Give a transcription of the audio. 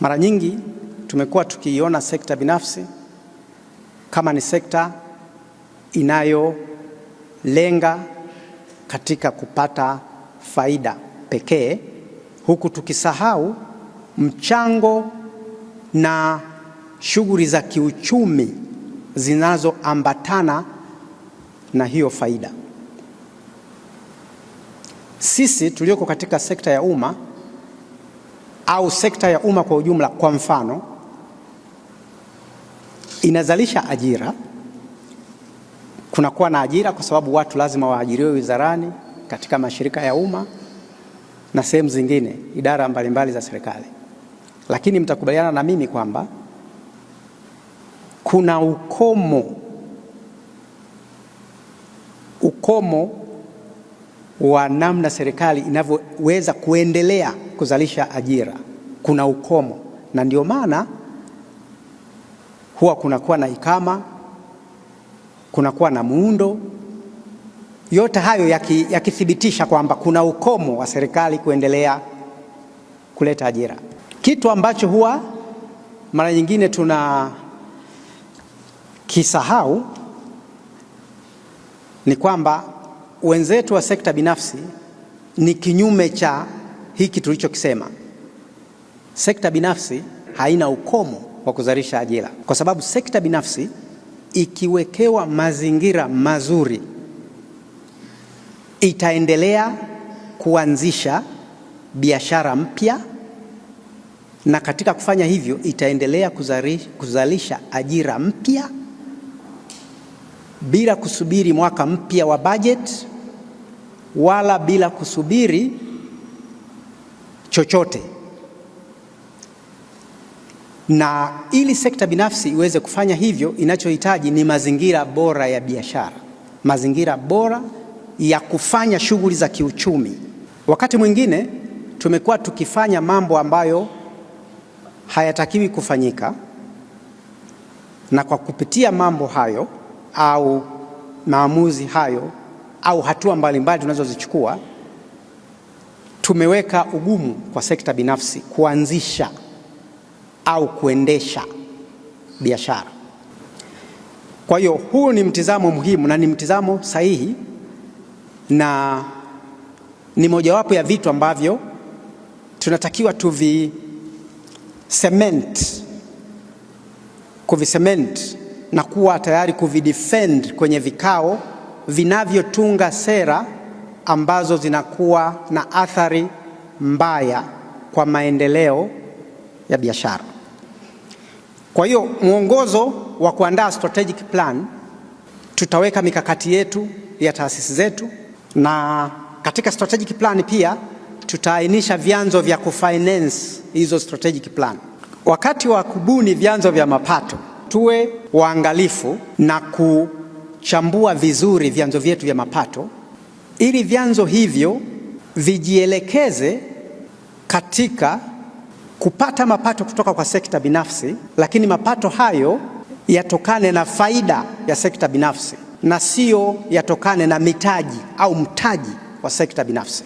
Mara nyingi tumekuwa tukiiona sekta binafsi kama ni sekta inayolenga katika kupata faida pekee, huku tukisahau mchango na shughuli za kiuchumi zinazoambatana na hiyo faida. Sisi tulioko katika sekta ya umma au sekta ya umma kwa ujumla, kwa mfano, inazalisha ajira. Kunakuwa na ajira kwa sababu watu lazima waajiriwe wizarani, katika mashirika ya umma na sehemu zingine, idara mbalimbali mbali za serikali. Lakini mtakubaliana na mimi kwamba kuna ukomo ukomo wa namna serikali inavyoweza kuendelea kuzalisha ajira kuna ukomo, na ndio maana huwa kunakuwa na ikama, kunakuwa na muundo. Yote hayo yakithibitisha yaki kwamba kuna ukomo wa serikali kuendelea kuleta ajira, kitu ambacho huwa mara nyingine tuna kisahau ni kwamba wenzetu wa sekta binafsi ni kinyume cha hiki tulichokisema sekta binafsi haina ukomo wa kuzalisha ajira, kwa sababu sekta binafsi ikiwekewa mazingira mazuri itaendelea kuanzisha biashara mpya, na katika kufanya hivyo itaendelea kuzalisha ajira mpya bila kusubiri mwaka mpya wa bajeti wala bila kusubiri chochote na ili sekta binafsi iweze kufanya hivyo, inachohitaji ni mazingira bora ya biashara, mazingira bora ya kufanya shughuli za kiuchumi. Wakati mwingine tumekuwa tukifanya mambo ambayo hayatakiwi kufanyika, na kwa kupitia mambo hayo au maamuzi hayo au hatua mbalimbali tunazozichukua, tumeweka ugumu kwa sekta binafsi kuanzisha au kuendesha biashara. Kwa hiyo huu ni mtizamo muhimu na ni mtizamo sahihi na ni mojawapo ya vitu ambavyo tunatakiwa tuvi cement cement na kuwa tayari kuvidefend kwenye vikao vinavyotunga sera ambazo zinakuwa na athari mbaya kwa maendeleo ya biashara. Kwa hiyo mwongozo wa kuandaa strategic plan, tutaweka mikakati yetu ya taasisi zetu, na katika strategic plan pia tutaainisha vyanzo vya kufinance hizo strategic plan. Wakati wa kubuni vyanzo vya mapato, tuwe waangalifu na kuchambua vizuri vyanzo vyetu vya mapato ili vyanzo hivyo vijielekeze katika kupata mapato kutoka kwa sekta binafsi, lakini mapato hayo yatokane na faida ya sekta binafsi na siyo yatokane na mitaji au mtaji wa sekta binafsi.